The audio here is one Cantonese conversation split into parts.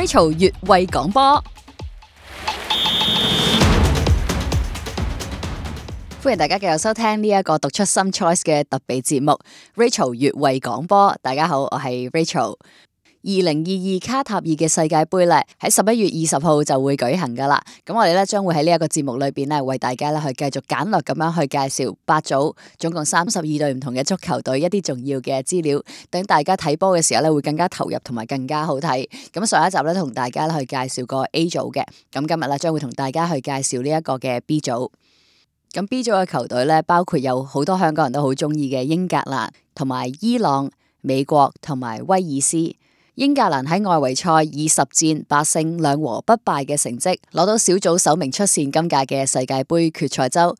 Rachel 越位講波，歡迎大家繼續收聽呢一個讀出 Some Choice 嘅特別節目 Rachel 越位講波。大家好，我係 Rachel。二零二二卡塔爾嘅世界杯咧，喺十一月二十號就會舉行噶啦。咁我哋咧將會喺呢一個節目裏邊咧，為大家咧去繼續簡略咁樣去介紹八組，總共三十二隊唔同嘅足球隊一啲重要嘅資料，等大家睇波嘅時候咧會更加投入同埋更加好睇。咁上一集咧同大、大家去介紹過 A 組嘅，咁今日咧將會同大家去介紹呢一個嘅 B 組。咁 B 組嘅球隊咧包括有好多香港人都好中意嘅英格蘭、同埋伊朗、美國同埋威爾斯。英格蘭喺外圍賽以十戰八勝兩和不敗嘅成績攞到小組首名，出線今屆嘅世界盃決賽周。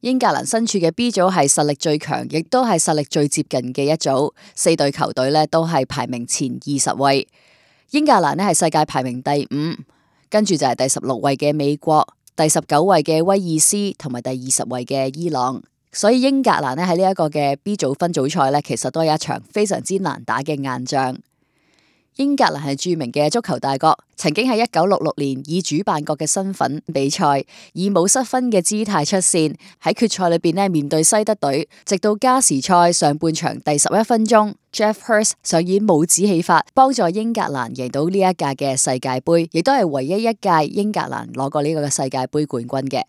英格蘭身處嘅 B 組係實力最強，亦都係實力最接近嘅一組，四隊球隊咧都係排名前二十位。英格蘭咧係世界排名第五，跟住就係第十六位嘅美國，第十九位嘅威爾斯同埋第二十位嘅伊朗，所以英格蘭咧喺呢一個嘅 B 組分組賽咧，其實都係一場非常之難打嘅硬仗。英格蘭係著名嘅足球大國，曾經喺一九六六年以主辦國嘅身份比賽，以冇失分嘅姿態出線。喺決賽裏邊咧，面對西德隊，直到加時賽上半場第十一分鐘，Geoff Hurst 上演帽子戲法，幫助英格蘭贏到呢一屆嘅世界盃，亦都係唯一一屆英格蘭攞過呢個世界盃冠軍嘅。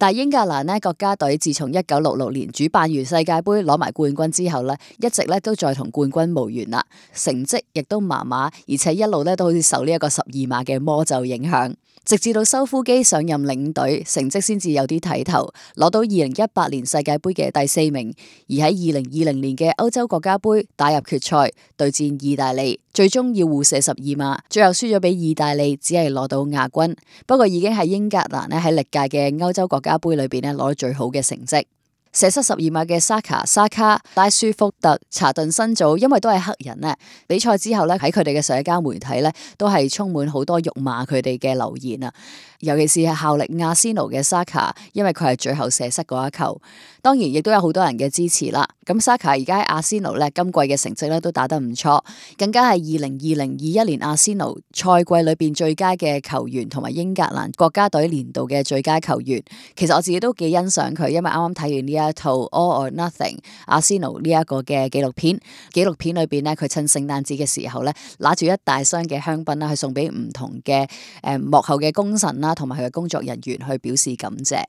但英格蘭呢國家隊自從一九六六年主辦完世界杯攞埋冠軍之後呢，一直呢都再同冠軍無緣啦，成績亦都麻麻，而且一路呢都好似受呢一個十二碼嘅魔咒影響，直至到修夫基上任領隊，成績先至有啲睇頭，攞到二零一八年世界杯嘅第四名，而喺二零二零年嘅歐洲國家杯打入決賽對戰意大利。最終要互射十二碼，最後輸咗俾意大利，只係攞到亞軍。不過已經係英格蘭咧喺歷屆嘅歐洲國家杯裏邊咧攞到最好嘅成績。射失十二碼嘅薩卡、薩卡、拉舒福特、查頓辛祖，因為都係黑人呢，比賽之後咧喺佢哋嘅社交媒體咧都係充滿好多辱罵佢哋嘅留言啊。尤其是效力阿仙奴嘅 Saka，因為佢係最後射失嗰一球，當然亦都有好多人嘅支持啦。咁 Saka 而家阿仙奴咧今季嘅成績咧都打得唔錯，更加係二零二零二一年阿仙奴賽季裏邊最佳嘅球員，同埋英格蘭國家隊年度嘅最佳球員。其實我自己都幾欣賞佢，因為啱啱睇完呢一套 All or Nothing 阿仙奴呢一個嘅紀錄片，紀錄片裏邊咧佢趁聖誕節嘅時候咧，拿住一大箱嘅香檳啦，去送俾唔同嘅誒、呃、幕後嘅功臣啦。同埋佢嘅工作人員去表示感謝。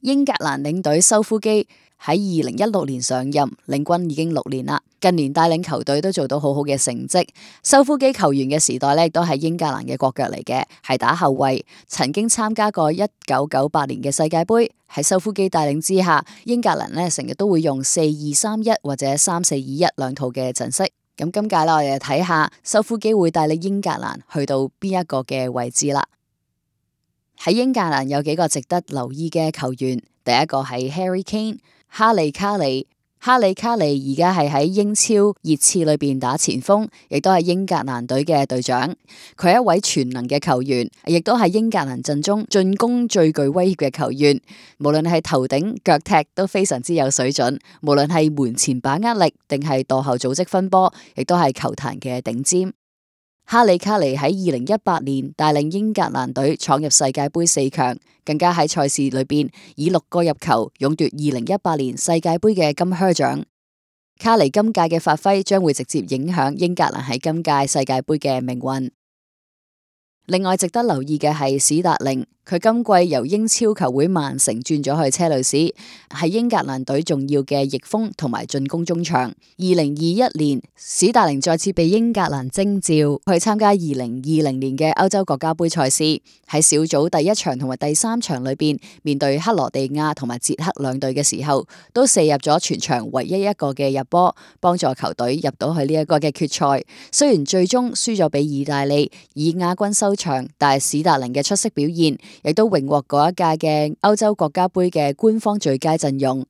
英格蘭領隊修夫基喺二零一六年上任，領軍已經六年啦。近年帶領球隊都做到好好嘅成績。修夫基球員嘅時代咧，都係英格蘭嘅國腳嚟嘅，係打後衛，曾經參加過一九九八年嘅世界盃。喺修夫基帶領之下，英格蘭咧成日都會用四二三一或者三四二一兩套嘅陣式。咁今屆啦，我哋睇下修夫基會帶領英格蘭去到邊一個嘅位置啦。喺英格蘭有幾個值得留意嘅球員，第一個係 Harry Kane，哈利卡利，哈利卡利而家係喺英超熱刺裏邊打前鋒，亦都係英格蘭隊嘅隊長。佢係一位全能嘅球員，亦都係英格蘭陣中進攻最具威脅嘅球員。無論係頭頂、腳踢都非常之有水準，無論係門前把握力定係墮後組織分波，亦都係球壇嘅頂尖。哈里卡尼喺二零一八年帶領英格蘭隊闖入世界杯四強，更加喺賽事裏邊以六個入球，勇奪二零一八年世界杯嘅金靴獎。卡尼今屆嘅發揮將會直接影響英格蘭喺今屆世界杯嘅命運。另外，值得留意嘅係史達寧。佢今季由英超球會曼城轉咗去車路士，係英格蘭隊重要嘅翼鋒同埋進攻中場。二零二一年，史達寧再次被英格蘭征召去參加二零二零年嘅歐洲國家盃賽事。喺小組第一場同埋第三場裏邊，面對克羅地亞同埋捷克兩隊嘅時候，都射入咗全場唯一一個嘅入波，幫助球隊入到去呢一個嘅決賽。雖然最終輸咗俾意大利以亞軍收場，但係史達寧嘅出色表現。亦都榮獲嗰一屆嘅歐洲國家杯嘅官方最佳陣容。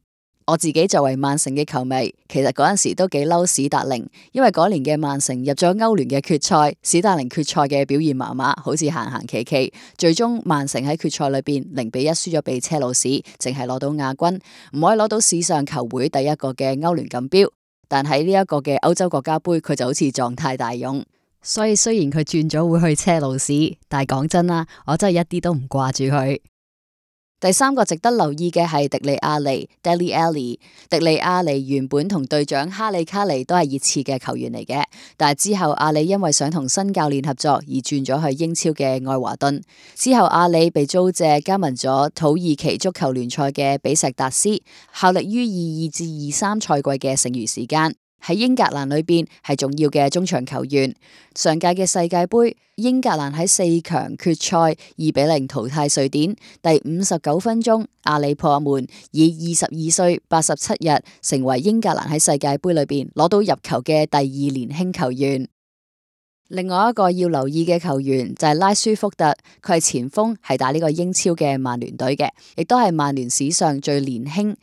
我自己作為曼城嘅球迷，其實嗰陣時都幾嬲史達寧，因為嗰年嘅曼城入咗歐聯嘅決賽，史達寧決賽嘅表現麻麻，好似行行企企。最終曼城喺決賽裏邊零比一輸咗俾車路士，淨係攞到亞軍，唔可以攞到史上球會第一個嘅歐聯錦標。但喺呢一個嘅歐洲國家杯，佢就好似狀態大勇。所以雖然佢轉咗會去車路士，但係講真啦，我真係一啲都唔掛住佢。第三個值得留意嘅係迪利阿尼 d e l i Ali）。迪利阿尼原本同隊長哈利卡尼都係熱刺嘅球員嚟嘅，但係之後阿里因為想同新教練合作而轉咗去英超嘅愛華頓。之後阿里被租借加盟咗土耳其足球聯賽嘅比什達斯，效力於二二至二三賽季嘅剩餘時間。喺英格蘭裏邊係重要嘅中場球員。上屆嘅世界盃，英格蘭喺四強決賽二比零淘汰瑞典，第五十九分鐘阿里破門，以二十二歲八十七日成為英格蘭喺世界盃裏邊攞到入球嘅第二年輕球員。另外一個要留意嘅球員就係拉舒福特，佢係前鋒，係打呢個英超嘅曼聯隊嘅，亦都係曼聯史上最年輕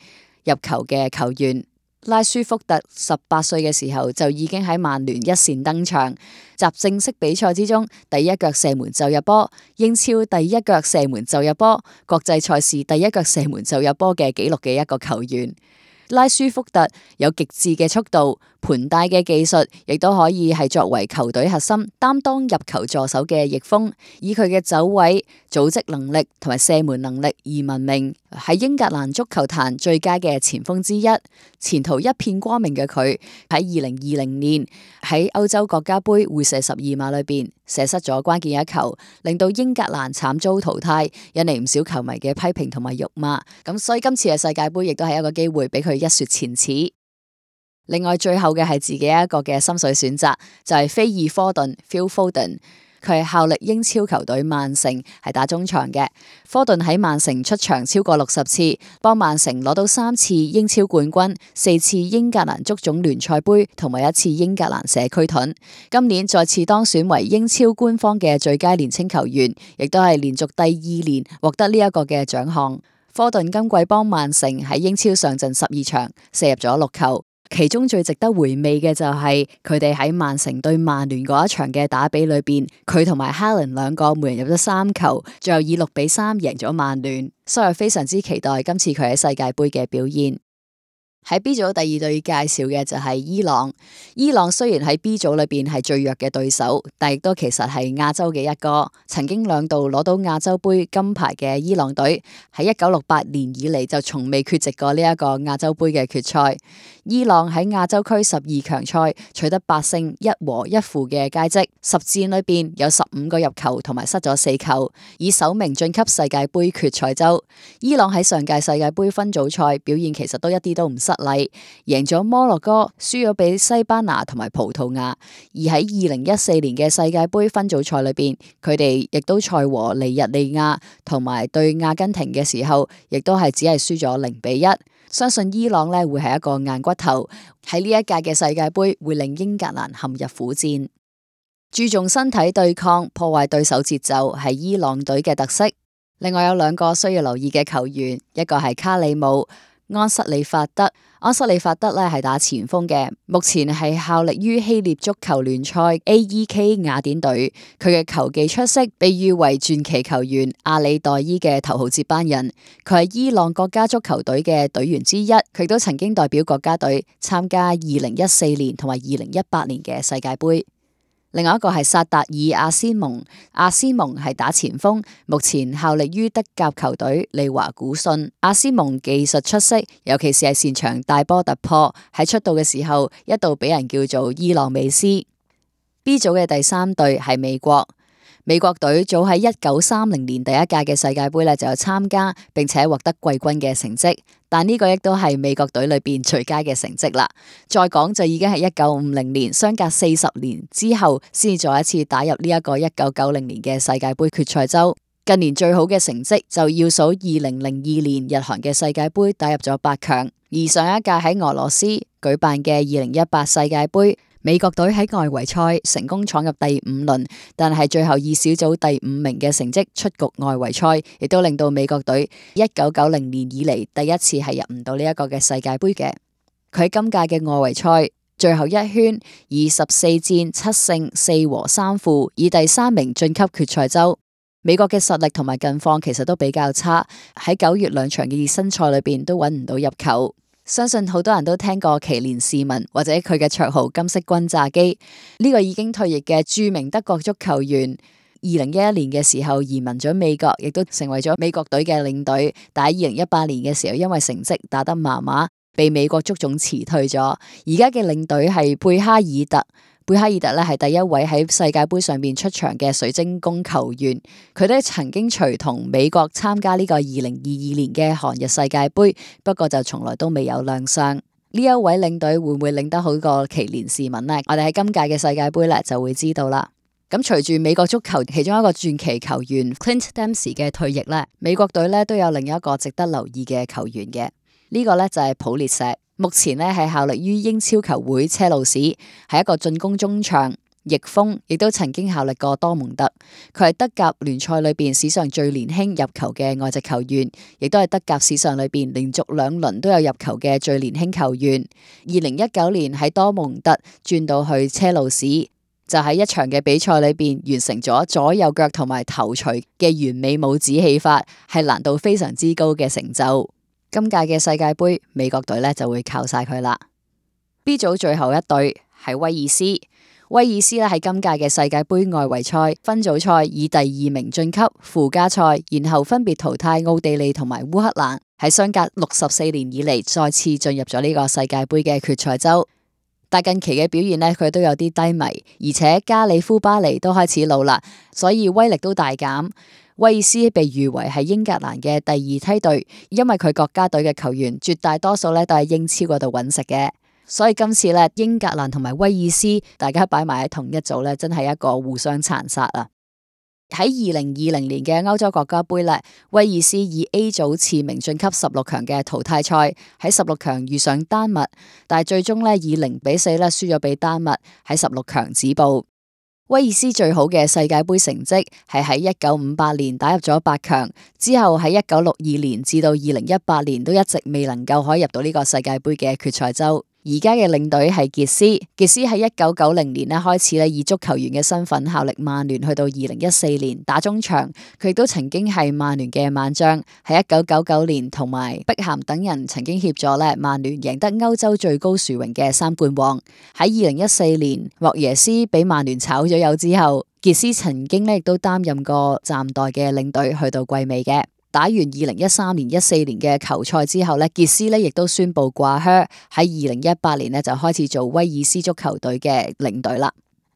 入球嘅球員。拉舒福特十八歲嘅時候就已經喺曼聯一線登場，集正式比賽之中第一腳射門就入波，英超第一腳射門就入波，國際賽事第一腳射門就入波嘅紀錄嘅一個球員。拉舒福特有極致嘅速度。盤帶嘅技術亦都可以係作為球隊核心，擔當入球助手嘅翼鋒，以佢嘅走位、組織能力同埋射門能力而聞名，係英格蘭足球壇最佳嘅前鋒之一，前途一片光明嘅佢喺二零二零年喺歐洲國家杯會射十二碼裏邊射失咗關鍵一球，令到英格蘭慘遭淘汰，引嚟唔少球迷嘅批評同埋辱罵，咁所以今次嘅世界杯亦都係一個機會俾佢一雪前恥。另外，最後嘅係自己一個嘅心水選擇，就係菲爾科頓 （Phil Foden）。佢效力英超球隊曼城，係打中場嘅。科頓喺曼城出場超過六十次，幫曼城攞到三次英超冠軍、四次英格蘭足總聯賽杯同埋一次英格蘭社區盾。今年再次當選為英超官方嘅最佳年青球員，亦都係連續第二年獲得呢一個嘅獎項。科頓今季幫曼城喺英超上陣十二場，射入咗六球。其中最值得回味嘅就係佢哋喺曼城對曼聯嗰一場嘅打比裏面，佢同埋哈林兩個每人入咗三球，最後以六比三贏咗曼聯，所以我非常之期待今次佢喺世界杯嘅表現。喺 B 組第二隊介紹嘅就係伊朗。伊朗雖然喺 B 組裏邊係最弱嘅對手，但亦都其實係亞洲嘅一哥。曾經兩度攞到亞洲盃金牌嘅伊朗隊，喺一九六八年以嚟，就從未缺席過呢一個亞洲盃嘅決賽。伊朗喺亞洲區十二強賽取得八勝一和一負嘅佳績，十戰裏邊有十五個入球同埋失咗四球，以首名晉級世界盃決賽周。伊朗喺上屆世界盃分組賽表現其實都一啲都唔。失禮，贏咗摩洛哥，輸咗俾西班牙同埋葡萄牙。而喺二零一四年嘅世界盃分組賽裏邊，佢哋亦都賽和尼日利亞，同埋對阿根廷嘅時候，亦都係只係輸咗零比一。相信伊朗呢會係一個硬骨頭，喺呢一屆嘅世界盃會令英格蘭陷入苦戰。注重身體對抗，破壞對手節奏係伊朗隊嘅特色。另外有兩個需要留意嘅球員，一個係卡里姆。安室里法德，安室里法德咧係打前鋒嘅，目前係效力於希臘足球聯賽 A.E.K. 雅典隊。佢嘅球技出色，被譽為傳奇球員阿里代伊嘅頭號接班人。佢係伊朗國家足球隊嘅隊員之一，佢都曾經代表國家隊參加二零一四年同埋二零一八年嘅世界盃。另外一個係薩達爾阿斯蒙，阿斯蒙係打前鋒，目前效力於德甲球隊利華古遜。阿斯蒙技術出色，尤其是擅長大波突破。喺出道嘅時候，一度俾人叫做伊朗美斯。B 組嘅第三隊係美國。美國隊早喺一九三零年第一屆嘅世界盃呢，就有參加並且獲得季軍嘅成績，但呢個亦都係美國隊裏面最佳嘅成績啦。再講就已經係一九五零年，相隔四十年之後先再一次打入呢一個一九九零年嘅世界盃決賽周。近年最好嘅成績就要數二零零二年日韓嘅世界盃打入咗八強，而上一屆喺俄羅斯舉辦嘅二零一八世界盃。美國隊喺外圍賽成功闖入第五輪，但係最後以小組第五名嘅成績出局。外圍賽，亦都令到美國隊一九九零年以嚟第一次係入唔到呢一個嘅世界盃嘅。佢今屆嘅外圍賽最後一圈十四戰七勝四和三負，以第三名晉級決賽周。美國嘅實力同埋近況其實都比較差，喺九月兩場嘅熱身賽裏邊都揾唔到入球。相信好多人都聽過奇連士文，或者佢嘅綽號金色轟炸機呢、這個已經退役嘅著名德國足球員，二零一一年嘅時候移民咗美國，亦都成為咗美國隊嘅領隊。但係二零一八年嘅時候，因為成績打得麻麻，被美國足總辭退咗。而家嘅領隊係貝哈爾特。貝哈爾特咧，係第一位喺世界盃上面出場嘅水晶宮球員，佢都曾經隨同美國參加呢個二零二二年嘅韓日世界盃，不過就從來都未有亮相。呢一位領隊會唔會領得好過奇連士文呢？我哋喺今屆嘅世界盃咧，就會知道啦。咁隨住美國足球其中一個傳奇球員 Clint Dempsey 嘅退役呢，美國隊咧都有另一個值得留意嘅球員嘅，呢、這個呢，就係、是、普列石。目前呢係效力於英超球會車路士，係一個進攻中場翼鋒，逆風亦都曾經效力過多蒙特。佢係德甲聯賽裏邊史上最年輕入球嘅外籍球員，亦都係德甲史上裏邊連續兩輪都有入球嘅最年輕球員。二零一九年喺多蒙特轉到去車路士，就喺一場嘅比賽裏邊完成咗左右腳同埋頭槌嘅完美帽子戲法，係難度非常之高嘅成就。今屆嘅世界盃，美國隊呢就會靠曬佢啦。B 組最後一隊係威爾斯，威爾斯呢喺今屆嘅世界盃外圍賽分組賽以第二名晉級附加賽，然後分別淘汰奧地利同埋烏克蘭，喺相隔六十四年以嚟再次進入咗呢個世界盃嘅決賽周。但近期嘅表現呢，佢都有啲低迷，而且加里夫巴尼都開始老啦，所以威力都大減。威爾斯被譽為係英格蘭嘅第二梯隊，因為佢國家隊嘅球員絕大多數都喺英超嗰度揾食嘅，所以今次咧英格蘭同埋威爾斯，大家擺埋喺同一組咧，真係一個互相殘殺啊！喺二零二零年嘅歐洲國家盃咧，威爾斯以 A 組次名晉級十六強嘅淘汰賽，喺十六強遇上丹麥，但係最終咧以零比四咧輸咗俾丹麥喺十六強止步。威爾斯最好嘅世界盃成績係喺一九五八年打入咗八強，之後喺一九六二年至到二零一八年都一直未能夠可以入到呢個世界盃嘅決賽周。而家嘅領隊係傑斯，傑斯喺一九九零年咧開始以足球員嘅身份效力曼聯，去到二零一四年打中場，佢都曾經係曼聯嘅猛將，喺一九九九年同埋碧咸等人曾經協助曼聯贏得歐洲最高殊榮嘅三冠王。喺二零一四年莫耶斯俾曼聯炒咗魷之後，傑斯曾經咧亦都擔任過暫代嘅領隊，去到季尾嘅。打完二零一三年、一四年嘅球賽之後呢，傑斯呢亦都宣布掛靴，喺二零一八年呢就開始做威爾斯足球隊嘅領隊啦。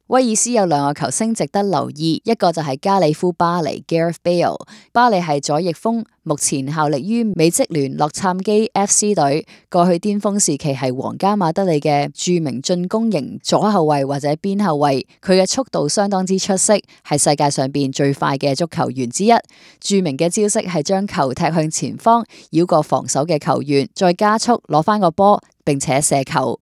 威爾斯有兩個球星值得留意，一個就係加里夫巴利 （Gareth Bale）。巴利係左翼鋒，目前效力於美職聯洛杉磯 FC 隊。過去巔峰時期係皇家馬德里嘅著名進攻型左後衛或者邊後衛。佢嘅速度相當之出色，係世界上邊最快嘅足球員之一。著名嘅招式係將球踢向前方，繞過防守嘅球員，再加速攞翻個波，並且射球。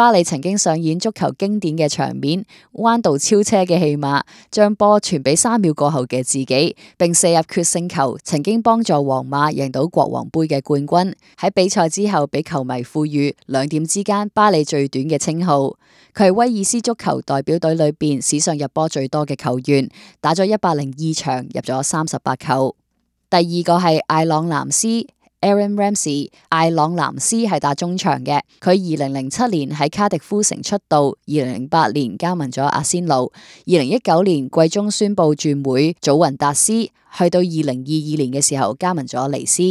巴里曾經上演足球經典嘅場面，彎道超車嘅戲碼，將波傳俾三秒過後嘅自己，並射入決勝球，曾經幫助皇馬贏到國王杯嘅冠軍。喺比賽之後，俾球迷賦予“兩點之間巴里最短嘅稱號”。佢係威爾斯足球代表隊裏邊史上入波最多嘅球員，打咗一百零二場，入咗三十八球。第二個係艾朗藍斯。Aaron Ramsey 艾朗藍斯係打中場嘅，佢二零零七年喺卡迪夫城出道，二零零八年加盟咗阿仙奴，二零一九年季中宣布轉會祖雲達斯，去到二零二二年嘅時候加盟咗尼斯。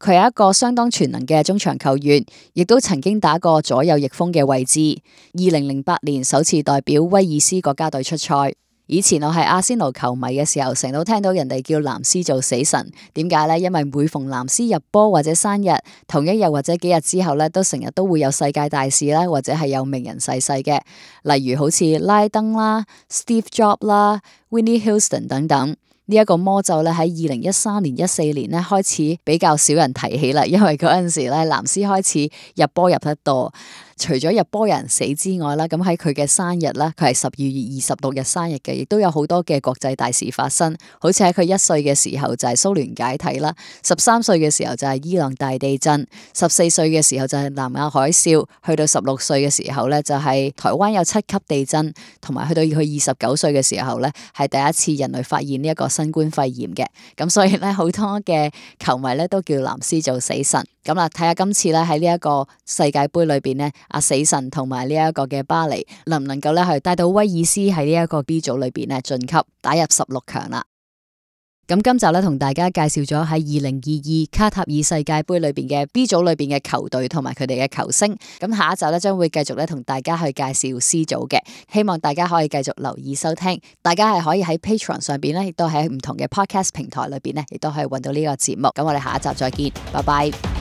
佢係一個相當全能嘅中場球員，亦都曾經打過左右翼鋒嘅位置。二零零八年首次代表威爾斯國家隊出賽。以前我係阿仙奴球迷嘅時候，成日都聽到人哋叫藍斯做死神。點解呢？因為每逢藍斯入波或者生日，同一日或者幾日之後咧，都成日都會有世界大事咧，或者係有名人逝世嘅，例如好似拉登啦、Steve Jobs 啦、Whitney Houston 等等。呢、這、一個魔咒咧，喺二零一三年、一四年咧開始比較少人提起啦，因為嗰陣時咧藍斯開始入波入得多。除咗入波人死之外啦，咁喺佢嘅生日啦，佢係十二月二十六日生日嘅，亦都有好多嘅國際大事發生。好似喺佢一歲嘅時候就係蘇聯解體啦，十三歲嘅時候就係伊朗大地震，十四歲嘅時候就係南亞海嘯，去到十六歲嘅時候咧就係台灣有七級地震，同埋去到去二十九歲嘅時候咧係第一次人類發現呢一個新冠肺炎嘅。咁所以咧，好多嘅球迷咧都叫藍斯做死神。咁啦，睇下今次咧喺呢一個世界盃裏邊咧，阿、啊、死神同埋呢一個嘅巴黎能唔能夠咧去帶到威爾斯喺呢一個 B 組裏邊咧晉級，打入十六強啦。咁今集呢，同大家介紹咗喺二零二二卡塔爾世界盃裏邊嘅 B 組裏邊嘅球隊同埋佢哋嘅球星。咁下一集呢，將會繼續咧同大家去介紹 C 組嘅，希望大家可以繼續留意收聽。大家係可以喺 Patreon 上邊咧，亦都喺唔同嘅 Podcast 平台裏邊咧，亦都可以搵到呢個節目。咁我哋下一集再見，拜拜。